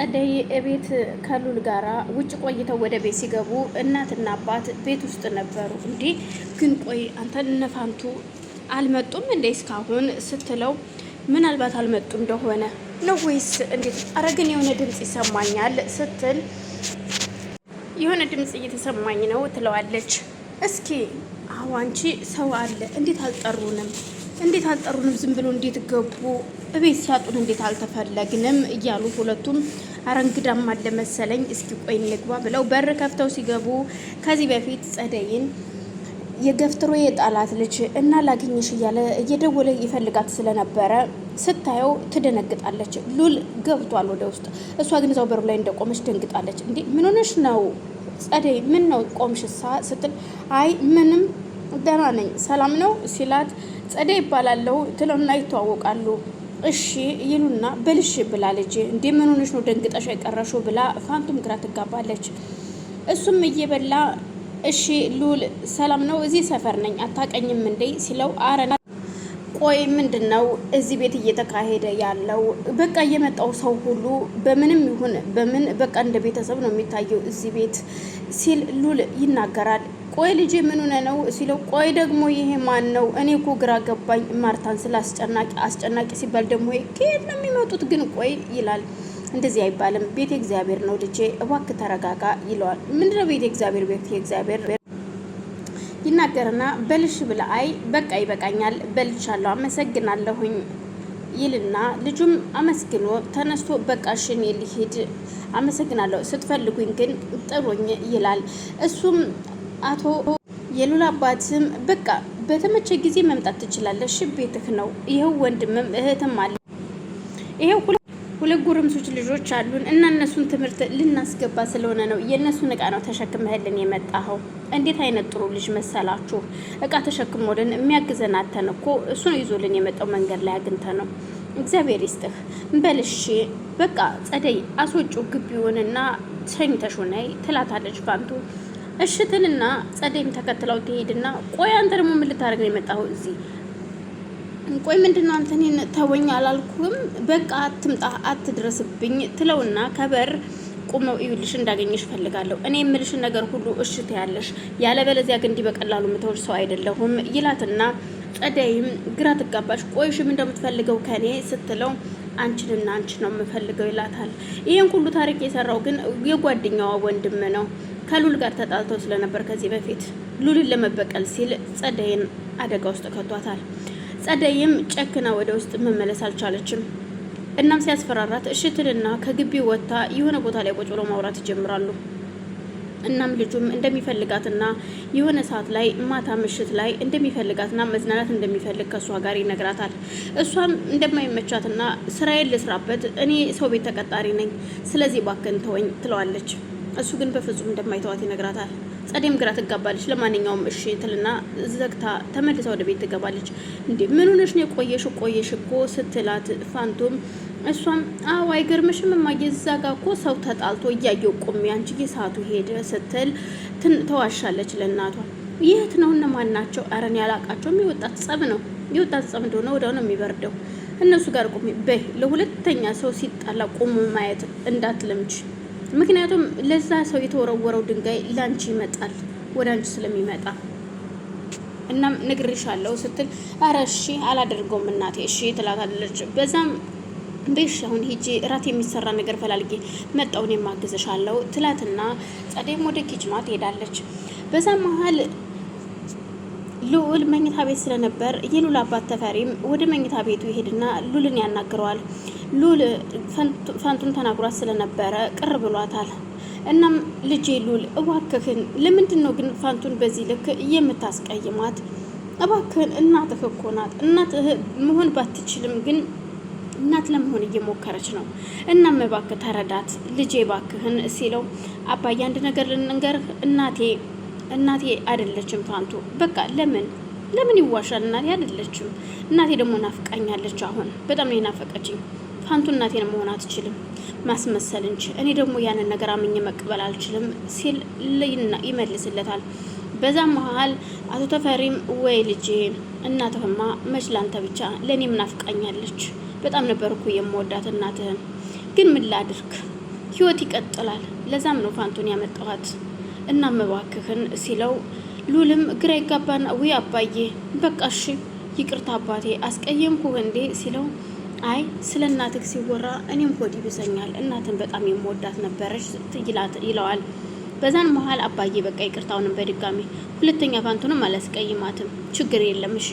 ጸደይ ቤት ከሉል ጋራ ውጭ ቆይተው ወደ ቤት ሲገቡ እናትና አባት ቤት ውስጥ ነበሩ። እንዴ ግን ቆይ አንተ እነፋንቱ አልመጡም እንዴ እስካሁን ስትለው ምናልባት አልመጡ እንደሆነ ነው ወይስ እንዴት? ኧረ ግን የሆነ ድምፅ ይሰማኛል ስትል የሆነ ድምፅ እየተሰማኝ ነው ትለዋለች። እስኪ አዎ አንቺ ሰው አለ እንዴት አልጠሩንም እንዴት አልጠሩንም? ዝም ብሎ እንዴት ገቡ? እቤት ሲያጡን እንዴት አልተፈለግንም? እያሉ ሁለቱም አረ እንግዳም አለ መሰለኝ እስኪ ቆይ እንግባ ብለው በር ከፍተው ሲገቡ ከዚህ በፊት ጸደይን የገፍትሮ የጣላት ልጅ እና ላግኝሽ እያለ እየደወለ ይፈልጋት ስለነበረ ስታየው ትደነግጣለች። ሉል ገብቷል ወደ ውስጥ። እሷ ግን እዛው በሩ ላይ እንደቆመች ደንግጣለች። እንዴ ምን ሆነሽ ነው ጸደይ? ምን ነው ቆምሽሳ? ስትል አይ ምንም ደህና ነኝ ሰላም ነው ሲላት ጸደይ ይባላለሁ ትለውና ይተዋወቃሉ። እሺ ይሉና በልሽ ብላ ልጅ እንዴ ምን ሆነሽ ነው ደንግጠሽ አይቀረሹ ብላ ፋንቱም ግራ ትጋባለች። እሱም እየበላ እሺ ሉል ሰላም ነው እዚህ ሰፈር ነኝ አታቀኝም እንዴ ሲለው አረና ቆይ ምንድን ነው እዚህ ቤት እየተካሄደ ያለው? በቃ የመጣው ሰው ሁሉ በምንም ይሁን በምን በቃ እንደ ቤተሰብ ነው የሚታየው እዚህ ቤት ሲል ሉል ይናገራል። ቆይ ልጄ ምን ሆነ ነው ሲለው፣ ቆይ ደግሞ ይሄ ማን ነው? እኔ እኮ ግራ ገባኝ ማርታን ስለ አስጨናቂ አስጨናቂ ሲባል ደግሞ ከየት ነው የሚመጡት ግን? ቆይ ይላል። እንደዚህ አይባልም። ቤተ እግዚአብሔር ነው ልጄ፣ እባክህ ተረጋጋ ይለዋል። ምንድነው ቤተ እግዚአብሔር ቤተ እግዚአብሔር ይናገርና በልሽ ብላ፣ አይ በቃ ይበቃኛል፣ በልቻለሁ፣ አመሰግናለሁኝ ይልና ልጁም አመስግኖ ተነስቶ በቃ ሽን ልሂድ፣ አመሰግናለሁ፣ ስትፈልጉኝ ግን ጥሩኝ ይላል እሱም አቶ የሉላ አባትም በቃ በተመቸ ጊዜ መምጣት ትችላለሽ፣ ቤትህ ነው። ይኸው ወንድምም እህትም አለ። ይኸው ሁለት ጎረምሶች ልጆች አሉን እና እነሱን ትምህርት ልናስገባ ስለሆነ ነው የእነሱን እቃ ነው ተሸክመህልን የመጣኸው። እንዴት አይነት ጥሩ ልጅ መሰላችሁ! እቃ ተሸክሞልን የሚያግዘን አተን እኮ እሱን ይዞልን የመጣው መንገድ ላይ አግኝተ ነው። እግዚአብሔር ይስጥህ። በልሽ በቃ ጸደይ አስወጪው ግቢውንና ሸኝተሹ ነይ ትላታለች ባንቱ እሽትንና ጸደይም ተከትለው ትሄድና ቆይ አንተ ደግሞ ምን ልታደርግ ነው የመጣኸው እዚህ? ቆይ ምንድን ነው አንተ እኔን ተወኝ አላልኩም? በቃ አትምጣ፣ አትድረስብኝ ትለውና ከበር ቁመው እዩልሽ እንዳገኘሽ ፈልጋለሁ። እኔ የምልሽን ነገር ሁሉ እሽት ያለሽ ያለበለዚያ ግን እንዲህ በቀላሉ ምተውሽ ሰው አይደለሁም ይላትና ጸደይም ግራ ትጋባሽ። ቆይሽም እንደምትፈልገው ከኔ ስትለው አንቺንና አንቺን ነው የምፈልገው ይላታል። ይህን ሁሉ ታሪክ የሰራው ግን የጓደኛዋ ወንድም ነው። ከሉል ጋር ተጣልተው ስለነበር ከዚህ በፊት ሉልን ለመበቀል ሲል ጸደይን አደጋ ውስጥ ከቷታል። ጸደይም ጨክና ወደ ውስጥ መመለስ አልቻለችም። እናም ሲያስፈራራት እሽትልና ከግቢ ወጥታ የሆነ ቦታ ላይ ቁጭ ብሎ ማውራት ይጀምራሉ። እናም ልጁም እንደሚፈልጋትና የሆነ ሰዓት ላይ ማታ ምሽት ላይ እንደሚፈልጋትና መዝናናት እንደሚፈልግ ከእሷ ጋር ይነግራታል። እሷም እንደማይመቻትና ስራዬን ልስራበት እኔ ሰው ቤት ተቀጣሪ ነኝ፣ ስለዚህ ባክን ተወኝ ትለዋለች። እሱ ግን በፍጹም እንደማይተዋት ይነግራታል። ጸደይም ግራ ትጋባለች። ለማንኛውም እሺ ትልና ዘግታ ተመልሳ ወደ ቤት ትገባለች። እንዴ ምን ሆነሽ ነው የቆየሽ ቆየሽ እኮ ስትላት ፋንቶም እሷም አዎ አይገርምሽም እማዬ፣ እዛ ጋ እኮ ሰው ተጣልቶ እያየው ቁሚ፣ አንቺ የሰዓቱ ሄደ ስትል ተዋሻለች ለእናቷ። የት ነው እነማን ናቸው? አረን እኔ የወጣት ጸብ ነው የወጣት ጸብ እንደሆነ ወዲያው ነው የሚበርደው። እነሱ ጋር ቁሚ በይ። ለሁለተኛ ሰው ሲጣላ ቁሙ ማየት እንዳትለምች። ምክንያቱም ለዛ ሰው የተወረወረው ድንጋይ ለአንቺ ይመጣል፣ ወደ አንቺ ስለሚመጣ እናም ንግርሻለሁ ስትል ኧረ እሺ አላደርገውም እናቴ እሺ ትላታለች። በዛም ቤሽ አሁን ሂጂ እራት የሚሰራ ነገር ፈላልጌ መጣውን የማግዝሻለሁ ትላትና ጸደይም ወደ ኪችኗ ትሄዳለች። በዛ መሀል ልዑል መኝታ ቤት ስለነበር የሉል አባት ተፈሪም ወደ መኝታ ቤቱ ይሄድና ሉልን ያናግረዋል። ሉል ፈንቱን ተናግሯት ስለነበረ ቅር ብሏታል። እናም ልጄ ሉል እባክህን፣ ለምንድን ነው ግን ፋንቱን በዚህ ልክ የምታስቀይማት? እባክህን እናትህ እኮ ናት። እናትህ መሆን ባትችልም ግን እናት ለመሆን እየሞከረች ነው። እናም እባክህ ተረዳት ልጄ እባክህን ሲለው አባዬ አንድ ነገር ልንገርህ፣ እናቴ እናቴ አይደለችም ፋንቱ። በቃ ለምን ለምን ይዋሻል? እናቴ አይደለችም። እናቴ ደግሞ ናፍቃኛለች። አሁን በጣም ነው የናፈቀችኝ ፋንቱ። እናቴን መሆን አትችልም ማስመሰል እንጂ እኔ ደግሞ ያንን ነገር አምኜ መቀበል አልችልም ሲል ይመልስለታል። በዛ መሀል አቶ ተፈሪም ወይ ልጄ እናትህማ መች ላንተ ብቻ ለእኔም ናፍቃኛለች በጣም ነበር እኮ የምወዳት እናትህን። ግን ምን ላድርግ፣ ህይወት ይቀጥላል። ለዛም ነው ፋንቱን ያመጣኋት። እና መባክህን ሲለው ሉልም ግራ ይጋባና ውይ አባዬ በቃ እሺ ይቅርታ አባቴ አስቀየምኩ እንዴ ሲለው አይ ስለ እናትህ ሲወራ እኔም ሆድ ይብሰኛል። እናትን በጣም የምወዳት ነበረች ይለዋል። በዛን መሀል አባዬ በቃ ይቅርታውንም በድጋሚ ሁለተኛ ፋንቱንም አላስቀይማትም ችግር የለምሽ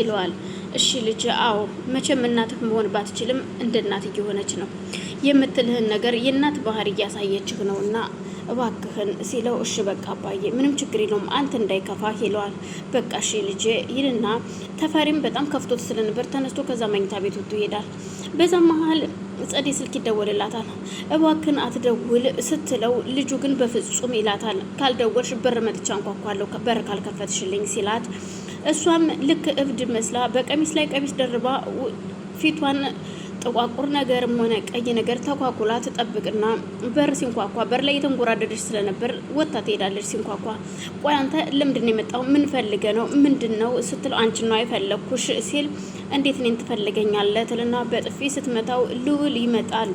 ይለዋል። እሺ ልጅ፣ አዎ መቼም እናትህ መሆን ባትችልም እንደ እናት እየሆነች ነው የምትልህን ነገር የእናት ባህር እያሳየችህ ነው እና እባክህን ሲለው እሺ በቃ አባዬ ምንም ችግር የለውም አንተ እንዳይከፋ ይለዋል። በቃ እሺ ልጄ ይልና ተፈሪም በጣም ከፍቶት ስለነበር ተነስቶ ከዛ መኝታ ቤት ወጥቶ ይሄዳል። በዛ መሀል ጸዴ ስልክ ይደወልላታል። እባክን አትደውል ስትለው ልጁ ግን በፍጹም ይላታል። ካልደወልሽ በር መጥቻ አንኳኳለሁ በር ካልከፈትሽልኝ ሲላት እሷም ልክ እብድ መስላ በቀሚስ ላይ ቀሚስ ደርባ ፊቷን ጥቋቁር ነገርም ሆነ ቀይ ነገር ተኳኩላ ትጠብቅና በር ሲንኳኳ በር ላይ የተንጎራደደች ስለነበር ወጥታ ትሄዳለች። ሲንኳኳ ቆይ አንተ ለምንድን ነው የመጣው? ምን ፈልገ ነው? ምንድን ነው ስትለው አንቺን ነው የፈለግኩሽ ሲል እንዴት እኔን ትፈልገኛለህ? ትልና በጥፊ ስትመታው ልውል ይመጣል።